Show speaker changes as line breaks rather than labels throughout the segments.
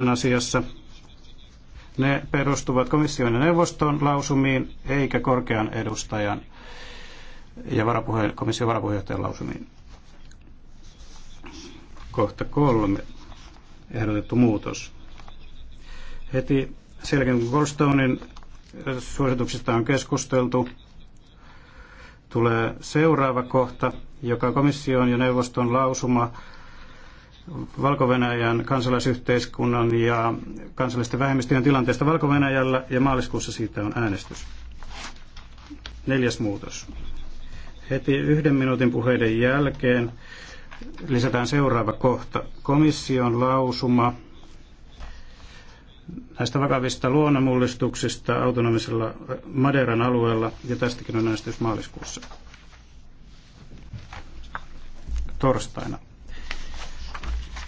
asiassa. Ne perustuvat komission ja neuvoston lausumiin eikä korkean edustajan ja varapuhe- komission varapuheenjohtajan lausumiin. Kohta kolme. Ehdotettu muutos. Heti selkeän kun Goldstonein suosituksista on keskusteltu, tulee seuraava kohta, joka komission ja neuvoston lausuma valko kansalaisyhteiskunnan ja kansallisten vähemmistöjen tilanteesta valko ja maaliskuussa siitä on äänestys. Neljäs muutos. Heti yhden minuutin puheiden jälkeen lisätään seuraava kohta. Komission lausuma näistä vakavista luonnonmullistuksista autonomisella Maderan alueella, ja tästäkin on äänestys maaliskuussa torstaina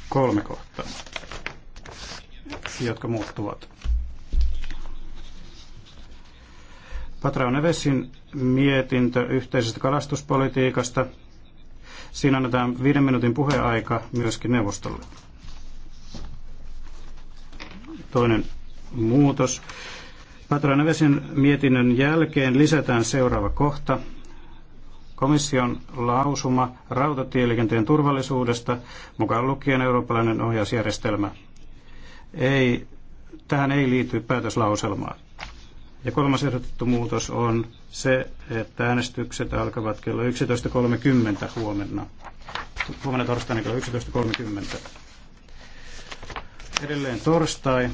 kolme kohtaa, jotka muuttuvat. Patra Nevesin mietintö yhteisestä kalastuspolitiikasta. Siinä annetaan viiden minuutin puheaika myöskin neuvostolle. Toinen muutos. Patra Nevesin mietinnön jälkeen lisätään seuraava kohta. Komission lausuma rautatieliikenteen turvallisuudesta, mukaan lukien eurooppalainen ohjausjärjestelmä, ei, tähän ei liity päätöslauselmaa. Ja kolmas ehdotettu muutos on se, että äänestykset alkavat kello 11.30 huomenna. Huomenna torstaina kello 11.30. Edelleen torstai.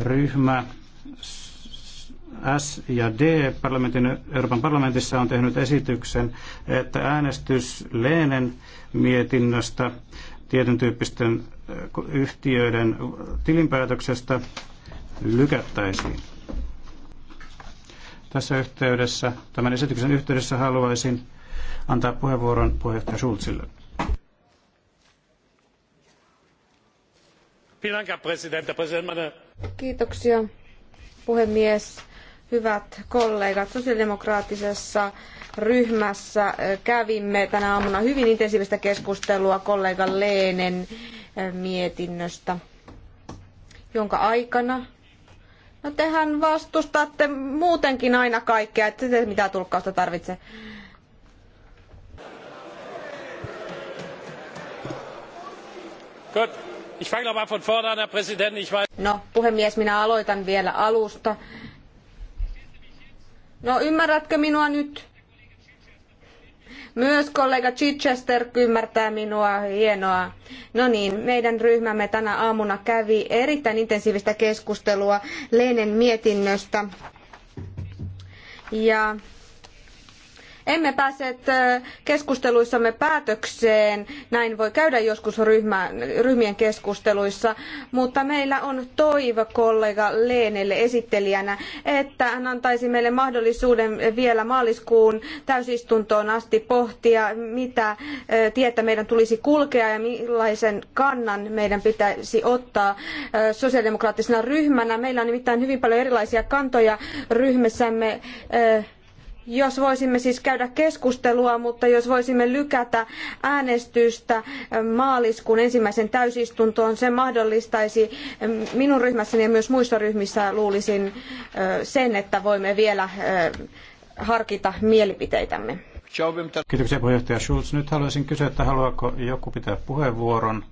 Ryhmä S ja D parlamentin, Euroopan parlamentissa on tehnyt esityksen, että äänestys Leenen mietinnöstä tietyn tyyppisten eh, yhtiöiden tilinpäätöksestä lykättäisiin. Tässä yhteydessä, tämän esityksen yhteydessä haluaisin antaa puheenvuoron puheenjohtaja Schulzille.
Kiitoksia puhemies Hyvät kollegat, sosiaalidemokraattisessa ryhmässä äh, kävimme tänä aamuna hyvin intensiivistä keskustelua kollega Leenen äh, mietinnöstä, jonka aikana No tehän vastustatte muutenkin aina kaikkea, että te mitään tulkkausta tarvitse.
Gut. Ich fange von vorne an, Herr Präsident. Ich weiß...
No, puhemies, minä aloitan vielä alusta. No ymmärrätkö minua nyt? Myös kollega Chichester ymmärtää minua, hienoa. No niin, meidän ryhmämme tänä aamuna kävi erittäin intensiivistä keskustelua Lenen mietinnöstä. Ja emme päässeet keskusteluissamme päätökseen, näin voi käydä joskus ryhmä, ryhmien keskusteluissa, mutta meillä on toivo kollega Leenelle esittelijänä, että hän antaisi meille mahdollisuuden vielä maaliskuun täysistuntoon asti pohtia, mitä tietä meidän tulisi kulkea ja millaisen kannan meidän pitäisi ottaa sosiaalidemokraattisena ryhmänä. Meillä on nimittäin hyvin paljon erilaisia kantoja ryhmässämme jos voisimme siis käydä keskustelua, mutta jos voisimme lykätä äänestystä eh, maaliskuun ensimmäisen täysistuntoon, se mahdollistaisi eh, minun ryhmässäni ja myös muissa ryhmissä luulisin eh, sen, että voimme vielä harkita mielipiteitämme.
Kiitoksia puheenjohtaja Schulz. Nyt haluaisin kysyä, että haluaako joku pitää puheenvuoron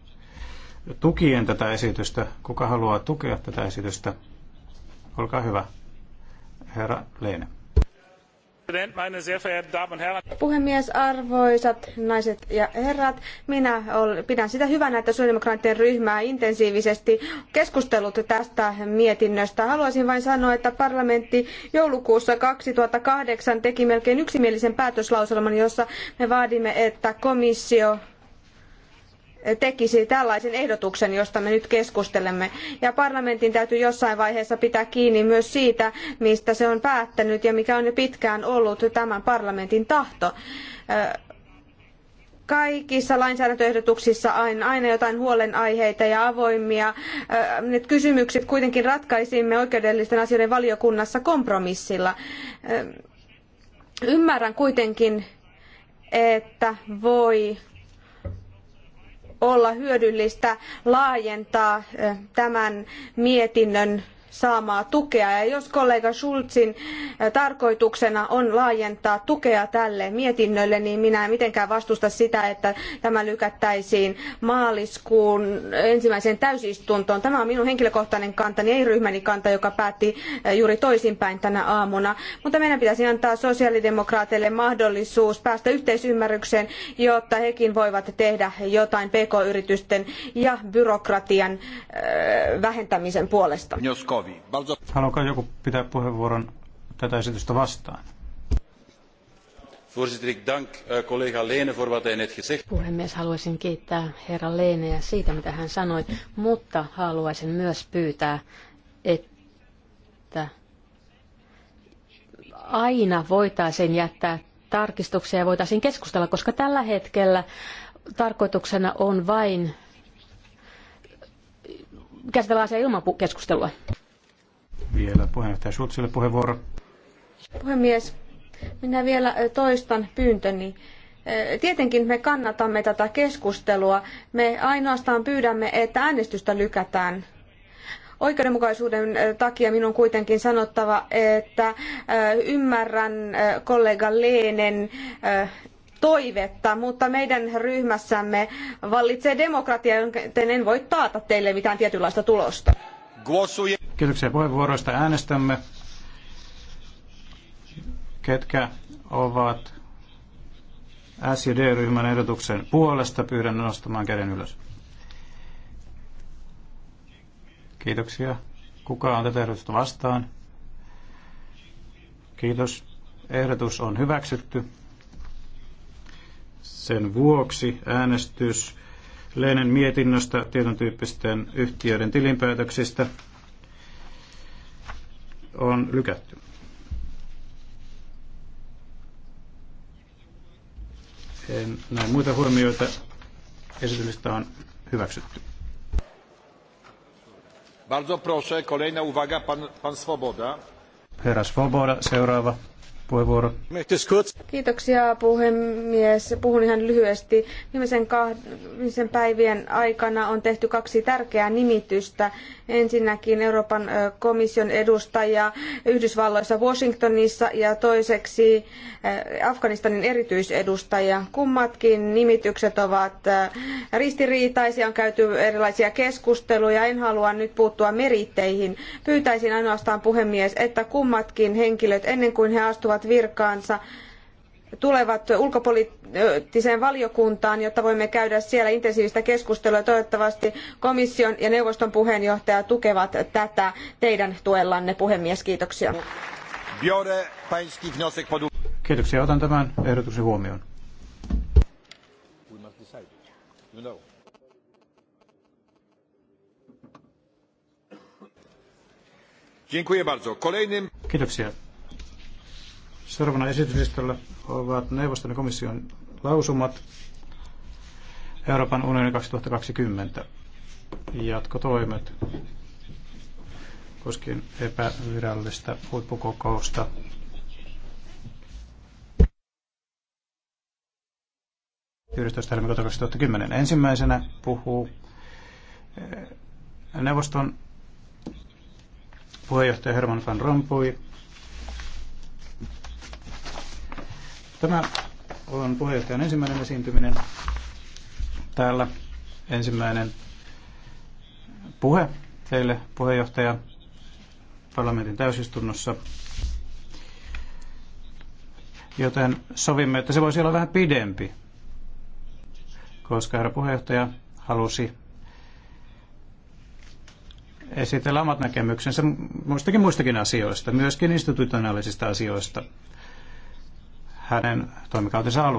tukien tätä esitystä. Kuka haluaa tukea tätä esitystä? Olkaa hyvä, herra Leene.
Puhemies, arvoisat naiset ja herrat, minä pidän sitä hyvänä, että sosiaalidemokraattien ryhmää intensiivisesti keskustellut tästä mietinnöstä. Haluaisin vain sanoa, että parlamentti joulukuussa 2008 teki melkein yksimielisen päätöslauselman, jossa me vaadimme, että komissio tekisi tällaisen ehdotuksen, josta me nyt keskustelemme. Ja parlamentin täytyy jossain vaiheessa pitää kiinni myös siitä, mistä se on päättänyt ja mikä on jo pitkään ollut tämän parlamentin tahto kaikissa lainsäädäntöehdotuksissa on aina jotain huolenaiheita ja avoimia. Nyt kysymykset kuitenkin ratkaisimme oikeudellisten asioiden valiokunnassa kompromissilla. Ymmärrän kuitenkin, että voi olla hyödyllistä laajentaa eh, tämän mietinnön saamaa tukea. Ja jos kollega Schulzin tarkoituksena on laajentaa tukea tälle mietinnölle, niin minä en mitenkään vastusta sitä, että tämä lykättäisiin maaliskuun ensimmäiseen täysistuntoon. Tämä on minun henkilökohtainen kantani, ei ryhmäni kanta, joka päätti juuri toisinpäin tänä aamuna. Mutta meidän pitäisi antaa sosiaalidemokraateille mahdollisuus päästä yhteisymmärrykseen, jotta hekin voivat tehdä jotain pk-yritysten ja byrokratian vähentämisen puolesta.
Josko. Posłowi. Haluaako joku pitää puheenvuoron tätä esitystä vastaan? Voorzitter, eh,
Puhemies, haluaisin kiittää herra Leeneä siitä, mitä hän sanoi, mutta haluaisin myös pyytää, että aina voitaisiin jättää tarkistuksia ja voitaisiin keskustella, koska tällä hetkellä tarkoituksena on vain käsitellä asiaa ilman keskustelua.
Vielä puheenjohtaja Schulzille puheenvuoro.
Puhemies, minä vielä toistan pyyntöni. Tietenkin me kannatamme tätä keskustelua. Me ainoastaan pyydämme, että äänestystä lykätään oikeudenmukaisuuden takia minun on kuitenkin sanottava, että ymmärrän kollega Leenen toivetta, mutta meidän ryhmässämme vallitsee demokratia, joten en voi taata teille mitään tietynlaista tulosta.
Kiitoksia puheenvuoroista. Äänestämme, ketkä ovat S- ja D-ryhmän ehdotuksen puolesta. Pyydän nostamaan käden ylös. Kiitoksia. Kuka on tätä ehdotusta vastaan? Kiitos. Ehdotus on hyväksytty. Sen vuoksi äänestys Leinen mietinnöstä tietyn tyyppisten yhtiöiden tilinpäätöksistä on lykätty. En näe muita huomioita. Esityslista on hyväksytty. Bardzo proszę, kolejna uwaga, pan, pan Swoboda. Herra Svoboda, seuraava puheenvuoro.
Kiitoksia puhemies. Puhun ihan lyhyesti. Viimeisen kahden päivien aikana on tehty kaksi tärkeää nimitystä. Ensinnäkin Euroopan komission edustaja Yhdysvalloissa Washingtonissa ja toiseksi Afganistanin erityisedustaja. Kummatkin nimitykset ovat ristiriitaisia, on käyty erilaisia keskusteluja. En halua nyt puuttua meritteihin. Pyytäisin ainoastaan puhemies, että kummatkin henkilöt ennen kuin he astuvat osallistuvat virkaansa tulevat ulkopoliittiseen valiokuntaan, jotta voimme käydä siellä intensiivistä keskustelua. Toivottavasti komission ja neuvoston puheenjohtaja tukevat tätä teidän tuellanne, puhemies. Kiitoksia.
Kiitoksia. Otan tämän ehdotuksen huomioon. Kiitoksia. Seuraavana esityslistalla ovat neuvoston ja komission lausumat Euroopan unionin 2020 jatkotoimet koskien epävirallista huippukokousta helmikuuta 2010. Ensimmäisenä puhuu eh, neuvoston puheenjohtaja Herman van Rompuy Tämä on puheenjohtajan ensimmäinen esiintyminen täällä. Ensimmäinen puhe teille puheenjohtaja parlamentin täysistunnossa. Joten sovimme, että se voisi olla vähän pidempi, koska herra puheenjohtaja halusi esitellä omat näkemyksensä muistakin muistakin asioista,
myöskin institutionaalisista asioista hänen toimikautensa aluksi.